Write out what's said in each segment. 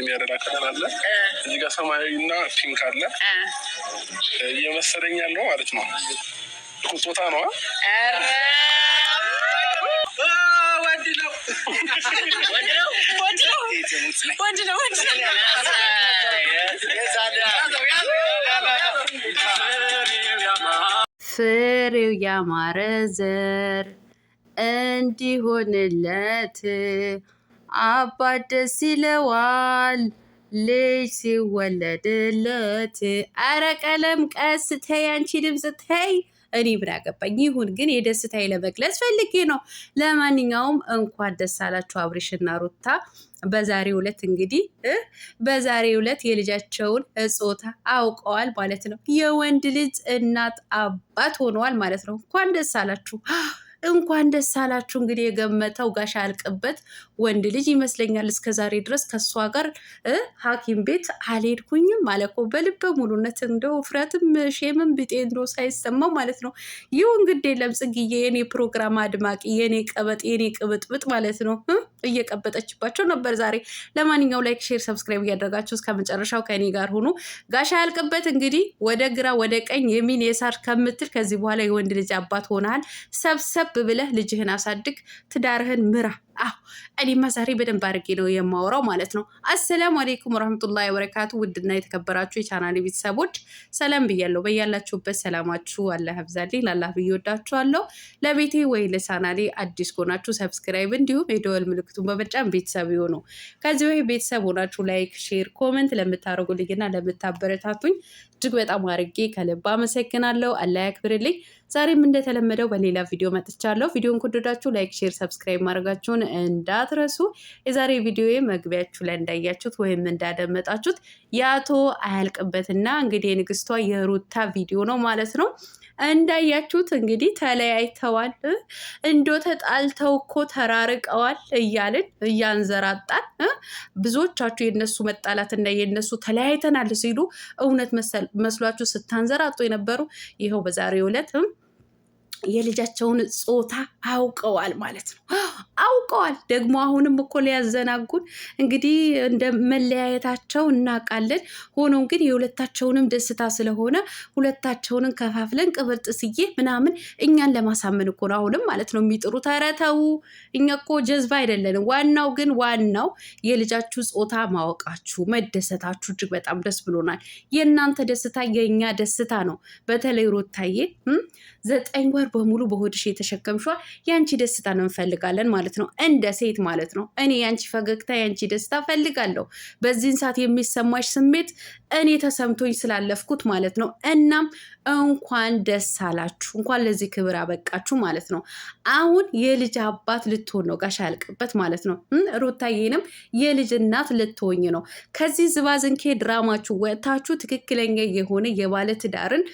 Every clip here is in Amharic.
የሚያደራ ከለር አለ እዚህ ጋር ሰማያዊና ፒንክ አለ እየመሰለኝ ያለው ማለት ነው። ቁጦታ ነዋ ወንድ ነው። ፍሬው ያማረ ዘር እንዲሆንለት አባት ደስ ይለዋል ልጅ ሲወለድለት። አረ ቀለም ቀስ ተይ፣ አንቺ ድምፅ ተይ። እኔ ምን አገባኝ። ይሁን ግን የደስታዬ ለመግለጽ ፈልጌ ነው። ለማንኛውም እንኳን ደስ አላችሁ አብሬሽና ሩታ። በዛሬው ዕለት እንግዲህ በዛሬው ዕለት የልጃቸውን እጾታ አውቀዋል ማለት ነው። የወንድ ልጅ እናት አባት ሆነዋል ማለት ነው። እንኳን ደስ አላችሁ። እንኳን ደስ አላችሁ። እንግዲህ የገመተው ጋሻ ያልቅበት ወንድ ልጅ ይመስለኛል። እስከ ዛሬ ድረስ ከእሷ ጋር ሐኪም ቤት አልሄድኩኝም አለ እኮ በልበ ሙሉነት እንደ እፍረትም ሼምም ብጤ እንደው ሳይሰማው ማለት ነው። ይሁን ግድ የለም የኔ ፕሮግራም አድማቂ፣ የኔ ቀበጥ፣ የኔ ቅብጥብጥ ማለት ነው። እየቀበጠችባቸው ነበር ዛሬ። ለማንኛው ላይክ፣ ሼር፣ ሰብስክራይብ እያደረጋችሁ እስከ መጨረሻው ከእኔ ጋር ሁኑ። ጋሻ ያልቅበት እንግዲህ ወደ ግራ ወደ ቀኝ የሚን የሳር ከምትል ከዚህ በኋላ የወንድ ልጅ አባት ሆናል ሰብሰብ ብለህ ልጅህን አሳድግ፣ ትዳርህን ምራ አሁ እኔማ ዛሬ በደንብ አድርጌ ነው የማወራው ማለት ነው። አሰላሙ አሌይኩም ወረህመቱላሂ ወበረካቱ ውድና የተከበራችሁ የቻናሌ ቤተሰቦች ሰላም ብያለሁ። በያላችሁበት ሰላማችሁ አላህ ያብዛልኝ። ላላህ ብዬ ወዳችኋለሁ። ለቤቴ ወይ ለቻናሌ አዲስ ከሆናችሁ ሰብስክራይብ፣ እንዲሁም የደወል ምልክቱን በመጫን ቤተሰብ የሆኑ ከዚህ ወይ ቤተሰብ ሆናችሁ ላይክ፣ ሼር፣ ኮመንት ለምታደርጉልኝና ለምታበረታቱኝ እጅግ በጣም አድርጌ ከልብ አመሰግናለሁ። አላህ ያክብርልኝ። ዛሬም እንደተለመደው በሌላ ቪዲዮ መጥቻለሁ። ቪዲዮን ከወደዳችሁ ላይክ፣ ሼር፣ ሰብስክራይብ ማድረጋችሁን እንዳትረሱ። የዛሬ ቪዲዮ መግቢያችሁ ላይ እንዳያችሁት ወይም እንዳደመጣችሁት የአቶ አያልቅበትና እንግዲህ የንግስቷ የሩታ ቪዲዮ ነው ማለት ነው። እንዳያችሁት እንግዲህ ተለያይተዋል፣ እንዶ ተጣልተው እኮ ተራርቀዋል እያልን እያንዘራጣን ብዙዎቻችሁ የነሱ መጣላትና የነሱ ተለያይተናል ሲሉ እውነት መስሏችሁ ስታንዘራጡ የነበሩ ይኸው በዛሬው ዕለት የልጃቸውን ጾታ አውቀዋል ማለት ነው። አውቀዋል ደግሞ አሁንም እኮ ሊያዘናጉን እንግዲህ እንደ መለያየታቸው እናውቃለን። ሆኖም ግን የሁለታቸውንም ደስታ ስለሆነ ሁለታቸውንም ከፋፍለን ቅብርጥ ስዬ ምናምን እኛን ለማሳመን እኮ ነው አሁንም ማለት ነው የሚጥሩት። ኧረ ተው፣ እኛ እኮ ጀዝባ አይደለንም። ዋናው ግን ዋናው የልጃችሁ ጾታ ማወቃችሁ መደሰታችሁ እጅግ በጣም ደስ ብሎናል። የእናንተ ደስታ የእኛ ደስታ ነው። በተለይ ሮታዬ ዘጠኝ ወር ነገር በሙሉ በሆድሽ የተሸከምሿ ያንቺ ደስታን እንፈልጋለን ማለት ነው። እንደ ሴት ማለት ነው። እኔ ያንቺ ፈገግታ፣ ያንቺ ደስታ ፈልጋለሁ። በዚህን ሰዓት የሚሰማሽ ስሜት እኔ ተሰምቶኝ ስላለፍኩት ማለት ነው። እናም እንኳን ደስ አላችሁ፣ እንኳን ለዚህ ክብር አበቃችሁ ማለት ነው። አሁን የልጅ አባት ልትሆን ነው ጋሻ ያልቅበት ማለት ነው። ሩታዬንም የልጅ እናት ልትሆኝ ነው። ከዚህ ዝባዝንኬ ድራማችሁ ወጥታችሁ ትክክለኛ የሆነ የባለ ትዳርን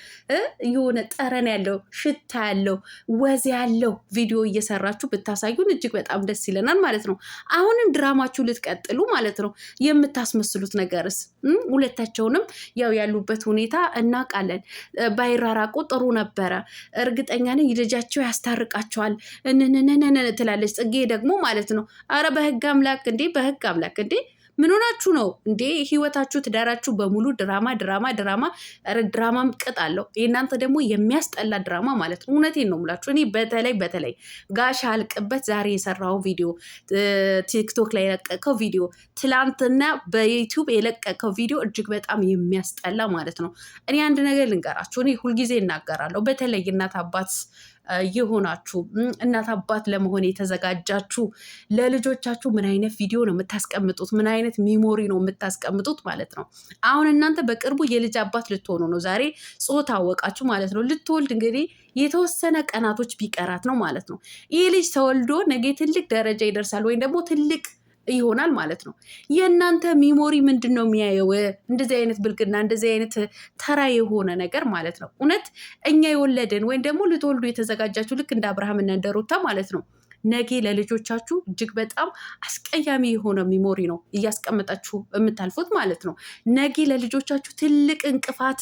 የሆነ ጠረን ያለው ሽታ ያለ ያለው ወዝ ያለው ቪዲዮ እየሰራችሁ ብታሳዩን እጅግ በጣም ደስ ይለናል ማለት ነው። አሁንም ድራማችሁ ልትቀጥሉ ማለት ነው። የምታስመስሉት ነገርስ ሁለታቸውንም ያው ያሉበት ሁኔታ እናውቃለን። ባይራራቁ ጥሩ ነበረ። እርግጠኛ ነኝ ልጃቸው ያስታርቃቸዋል እንንንንን ትላለች ጽጌ ደግሞ ማለት ነው። አረ በህግ አምላክ እንዴ! በህግ አምላክ እንዴ! ምን ሆናችሁ ነው እንዴ? ህይወታችሁ ትዳራችሁ በሙሉ ድራማ ድራማ ድራማ። ኧረ ድራማም ቅጥ አለው። የእናንተ ደግሞ የሚያስጠላ ድራማ ማለት ነው። እውነቴን ነው የምላችሁ። እኔ በተለይ በተለይ ጋሽ አልቅበት ዛሬ የሰራው ቪዲዮ፣ ቲክቶክ ላይ የለቀቀው ቪዲዮ፣ ትላንትና በዩቲዩብ የለቀቀው ቪዲዮ እጅግ በጣም የሚያስጠላ ማለት ነው። እኔ አንድ ነገር ልንገራችሁ። እኔ ሁልጊዜ እናገራለሁ። በተለይ እናት አባት የሆናችሁ እናት አባት ለመሆን የተዘጋጃችሁ ለልጆቻችሁ ምን አይነት ቪዲዮ ነው የምታስቀምጡት? ምን አይነት ሚሞሪ ነው የምታስቀምጡት ማለት ነው። አሁን እናንተ በቅርቡ የልጅ አባት ልትሆኑ ነው። ዛሬ ጾታ አወቃችሁ ማለት ነው። ልትወልድ እንግዲህ የተወሰነ ቀናቶች ቢቀራት ነው ማለት ነው። ይህ ልጅ ተወልዶ ነገ ትልቅ ደረጃ ይደርሳል ወይም ደግሞ ትልቅ ይሆናል ማለት ነው። የእናንተ ሚሞሪ ምንድን ነው የሚያየው? እንደዚህ አይነት ብልግና፣ እንደዚህ አይነት ተራ የሆነ ነገር ማለት ነው። እውነት እኛ የወለድን ወይም ደግሞ ልትወልዱ የተዘጋጃችሁ ልክ እንደ አብርሃምና እንደ ሩታ ማለት ነው ነጌ ለልጆቻችሁ እጅግ በጣም አስቀያሚ የሆነ ሚሞሪ ነው እያስቀመጣችሁ የምታልፉት ማለት ነው። ነጌ ለልጆቻችሁ ትልቅ እንቅፋት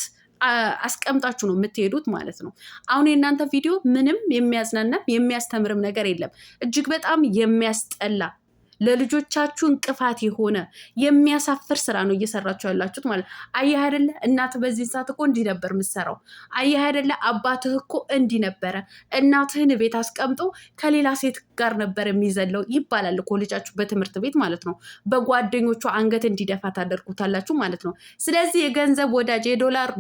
አስቀምጣችሁ ነው የምትሄዱት ማለት ነው። አሁን የእናንተ ቪዲዮ ምንም የሚያዝናናም የሚያስተምርም ነገር የለም። እጅግ በጣም የሚያስጠላ ለልጆቻችሁ እንቅፋት የሆነ የሚያሳፍር ስራ ነው እየሰራችሁ ያላችሁት ማለት አየህ አይደለ እናት በዚህ ሰዓት እኮ እንዲህ ነበር የምትሰራው አየህ አይደለ አባትህ እኮ እንዲህ ነበረ እናትህን ቤት አስቀምጦ ከሌላ ሴት ጋር ነበር የሚዘለው ይባላል እኮ ልጃችሁ በትምህርት ቤት ማለት ነው በጓደኞቹ አንገት እንዲደፋ ታደርጉታላችሁ ማለት ነው ስለዚህ የገንዘብ ወዳጅ የዶላር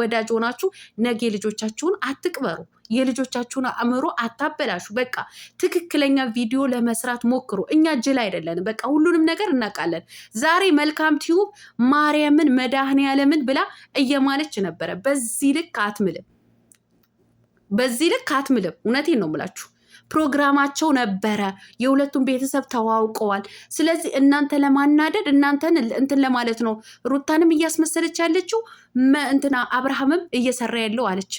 ወዳጅ ሆናችሁ ነገ ልጆቻችሁን አትቅበሩ የልጆቻችሁን አእምሮ አታበላሹ። በቃ ትክክለኛ ቪዲዮ ለመስራት ሞክሩ። እኛ ጅል አይደለንም። በቃ ሁሉንም ነገር እናውቃለን። ዛሬ መልካም ቲዩብ ማርያምን መድኃኔዓለምን ብላ እየማለች ነበረ። በዚህ ልክ አትምልም፣ በዚህ ልክ አትምልም። እውነቴን ነው የምላችሁ ፕሮግራማቸው ነበረ። የሁለቱም ቤተሰብ ተዋውቀዋል። ስለዚህ እናንተ ለማናደድ እናንተን እንትን ለማለት ነው ሩታንም እያስመሰለች ያለችው እንትና አብርሃምም እየሰራ ያለው አለች።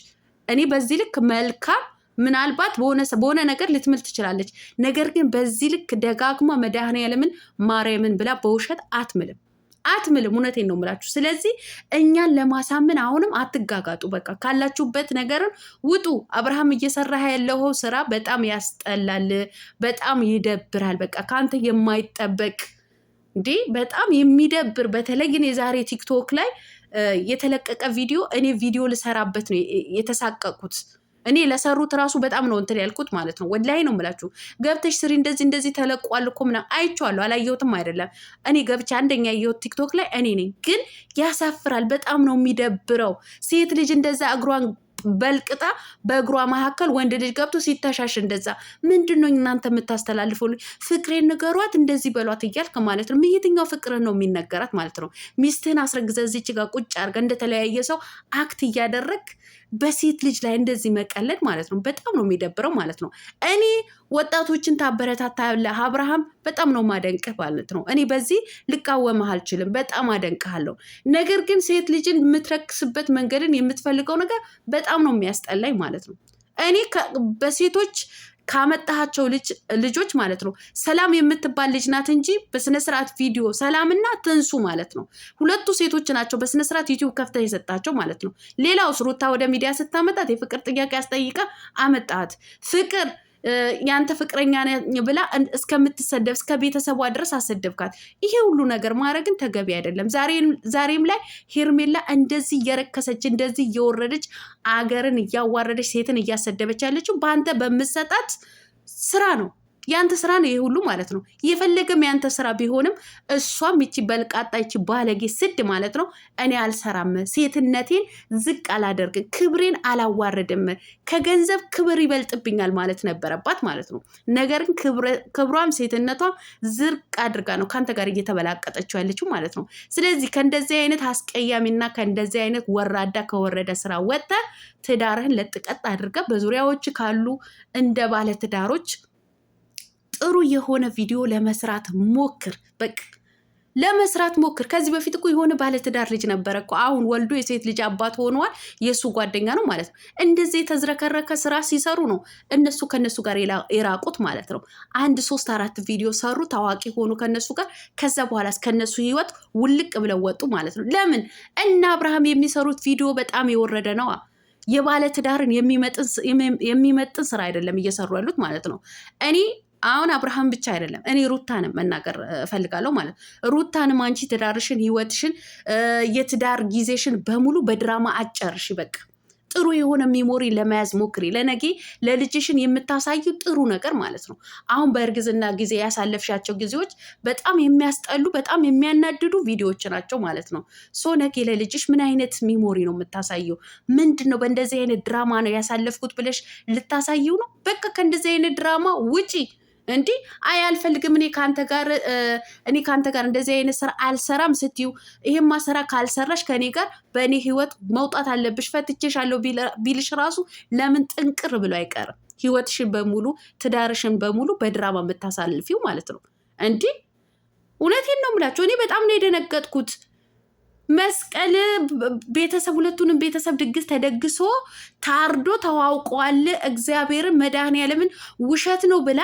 እኔ በዚህ ልክ መልካም ምናልባት በሆነ ነገር ልትምል ትችላለች። ነገር ግን በዚህ ልክ ደጋግማ መድኃኔዓለምን ማርያምን ብላ በውሸት አትምልም አትምልም። እውነቴን ነው የምላችሁ። ስለዚህ እኛን ለማሳመን አሁንም አትጋጋጡ። በቃ ካላችሁበት ነገርን ውጡ። አብርሃም እየሰራ ያለው ስራ በጣም ያስጠላል፣ በጣም ይደብራል። በቃ ከአንተ የማይጠበቅ እንዲህ በጣም የሚደብር በተለይ ግን የዛሬ ቲክቶክ ላይ የተለቀቀ ቪዲዮ እኔ ቪዲዮ ልሰራበት ነው የተሳቀቁት። እኔ ለሰሩት ራሱ በጣም ነው እንትን ያልኩት ማለት ነው። ወላሂ ነው የምላችሁ። ገብተሽ ስሪ እንደዚህ እንደዚህ ተለቋል እኮ ምናምን አይቼዋለሁ። አላየሁትም አይደለም እኔ ገብቼ አንደኛ ያየሁት ቲክቶክ ላይ እኔ ነኝ። ግን ያሳፍራል። በጣም ነው የሚደብረው። ሴት ልጅ እንደዛ እግሯን በልቅጣ በእግሯ መካከል ወንድ ልጅ ገብቶ ሲተሻሽ እንደዛ ምንድን ነው እናንተ የምታስተላልፉልኝ? ፍቅሬን ንገሯት እንደዚህ በሏት እያልክ ማለት ነው። የትኛው ፍቅር ነው የሚነገራት ማለት ነው? ሚስትህን አስረግዘ እዚች ጋር ቁጭ አርገ እንደተለያየ ሰው አክት እያደረግ በሴት ልጅ ላይ እንደዚህ መቀለድ ማለት ነው በጣም ነው የሚደብረው ማለት ነው። እኔ ወጣቶችን ታበረታታለህ አብርሃም፣ በጣም ነው ማደንቅህ ማለት ነው። እኔ በዚህ ልቃወምህ አልችልም፣ በጣም አደንቅሃለሁ። ነገር ግን ሴት ልጅን የምትረክስበት መንገድን የምትፈልገው ነገር በጣም ነው የሚያስጠላኝ ማለት ነው። እኔ በሴቶች ካመጣሃቸው ልጆች ማለት ነው ሰላም የምትባል ልጅ ናት እንጂ በስነስርዓት ቪዲዮ ሰላምና ትንሱ ማለት ነው ሁለቱ ሴቶች ናቸው በስነስርዓት ዩቲዩብ ከፍተህ የሰጣቸው ማለት ነው። ሌላው ሩታ ወደ ሚዲያ ስታመጣት የፍቅር ጥያቄ አስጠይቀ አመጣት ፍቅር ያንተ ፍቅረኛ ብላ እስከምትሰደብ እስከ ቤተሰቧ ድረስ አሰደብካት። ይሄ ሁሉ ነገር ማድረግን ተገቢ አይደለም። ዛሬም ላይ ሄርሜላ እንደዚህ እየረከሰች እንደዚህ እየወረደች አገርን እያዋረደች ሴትን እያሰደበች ያለችው በአንተ በምሰጣት ስራ ነው። ያንተ ስራ ነው ይሄ ሁሉ ማለት ነው። የፈለገም ያንተ ስራ ቢሆንም እሷም ይቺ በልቃጣ ይቺ ባለጌ ስድ ማለት ነው። እኔ አልሰራም፣ ሴትነቴን ዝቅ አላደርግም፣ ክብሬን አላዋርድም፣ ከገንዘብ ክብር ይበልጥብኛል ማለት ነበረባት ማለት ነው። ነገር ግን ክብሯም ሴትነቷም ዝቅ አድርጋ ነው ከአንተ ጋር እየተበላቀጠችው ያለችው ማለት ነው። ስለዚህ ከእንደዚህ አይነት አስቀያሚና ከእንደዚህ አይነት ወራዳ ከወረደ ስራ ወጥተ ትዳርህን ለጥቀጥ አድርገ በዙሪያዎች ካሉ እንደ ባለ ትዳሮች ጥሩ የሆነ ቪዲዮ ለመስራት ሞክር። በቃ ለመስራት ሞክር። ከዚህ በፊት እኮ የሆነ ባለትዳር ልጅ ነበረ እኮ አሁን ወልዶ የሴት ልጅ አባት ሆነዋል የእሱ ጓደኛ ነው ማለት ነው። እንደዚህ የተዝረከረከ ስራ ሲሰሩ ነው እነሱ ከነሱ ጋር የራቁት ማለት ነው። አንድ ሶስት አራት ቪዲዮ ሰሩ፣ ታዋቂ ሆኑ ከነሱ ጋር። ከዛ በኋላ ከነሱ ህይወት ውልቅ ብለው ወጡ ማለት ነው። ለምን እና አብርሃም የሚሰሩት ቪዲዮ በጣም የወረደ ነዋ። የባለትዳርን የሚመጥን ስራ አይደለም እየሰሩ ያሉት ማለት ነው እኔ አሁን አብርሃም ብቻ አይደለም፣ እኔ ሩታንም መናገር እፈልጋለሁ ማለት ነው። ሩታንም አንቺ ትዳርሽን፣ ህይወትሽን፣ የትዳር ጊዜሽን በሙሉ በድራማ አጨርሽ። በቃ ጥሩ የሆነ ሚሞሪ ለመያዝ ሞክሪ። ለነጌ ለልጅሽን የምታሳዩ ጥሩ ነገር ማለት ነው። አሁን በእርግዝና ጊዜ ያሳለፍሻቸው ጊዜዎች በጣም የሚያስጠሉ በጣም የሚያናድዱ ቪዲዮዎች ናቸው ማለት ነው። ሶ ነጌ ለልጅሽ ምን አይነት ሚሞሪ ነው የምታሳየው? ምንድን ነው በእንደዚህ አይነት ድራማ ነው ያሳለፍኩት ብለሽ ልታሳየው ነው? በቃ ከእንደዚህ አይነት ድራማ ውጪ። እንዲህ አይ አልፈልግም፣ እኔ ከአንተ ጋር እኔ ከአንተ ጋር እንደዚህ አይነት ስራ አልሰራም ስትዩ ይሄማ ስራ ካልሰራሽ ከእኔ ጋር በእኔ ህይወት መውጣት አለብሽ ፈትቼሻለሁ ቢልሽ ራሱ ለምን ጥንቅር ብሎ አይቀርም። ህይወትሽን በሙሉ ትዳርሽን በሙሉ በድራማ የምታሳልፊው ማለት ነው። እንዲህ እውነቴን ነው የምላቸው። እኔ በጣም ነው የደነገጥኩት። መስቀል ቤተሰብ ሁለቱንም ቤተሰብ ድግስ ተደግሶ ታርዶ ተዋውቀዋል። እግዚአብሔርን ያለምን ውሸት ነው ብላ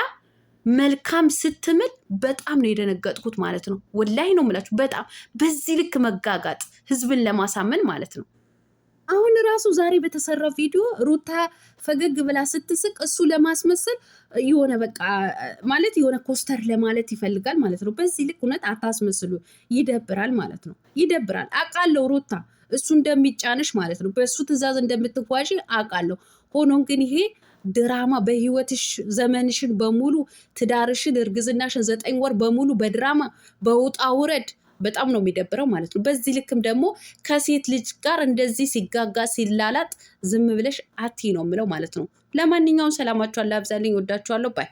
መልካም ስትምል በጣም ነው የደነገጥኩት ማለት ነው። ወላይ ነው የምላችሁ። በጣም በዚህ ልክ መጋጋጥ ህዝብን ለማሳመን ማለት ነው። አሁን ራሱ ዛሬ በተሰራ ቪዲዮ ሩታ ፈገግ ብላ ስትስቅ እሱ ለማስመሰል የሆነ በቃ ማለት የሆነ ኮስተር ለማለት ይፈልጋል ማለት ነው። በዚህ ልክ እውነት አታስመስሉ። ይደብራል ማለት ነው። ይደብራል አውቃለሁ ሩታ እሱ እንደሚጫንሽ ማለት ነው። በእሱ ትዕዛዝ እንደምትጓዥ አውቃለሁ። ሆኖም ግን ይሄ ድራማ በህይወትሽ ዘመንሽን በሙሉ ትዳርሽን፣ እርግዝናሽን ዘጠኝ ወር በሙሉ በድራማ በውጣ ውረድ በጣም ነው የሚደብረው ማለት ነው። በዚህ ልክም ደግሞ ከሴት ልጅ ጋር እንደዚህ ሲጋጋ ሲላላጥ ዝም ብለሽ አቲ ነው የምለው ማለት ነው። ለማንኛውም ሰላማችኋል፣ አብዛልኝ፣ ወዳችኋለሁ ባይ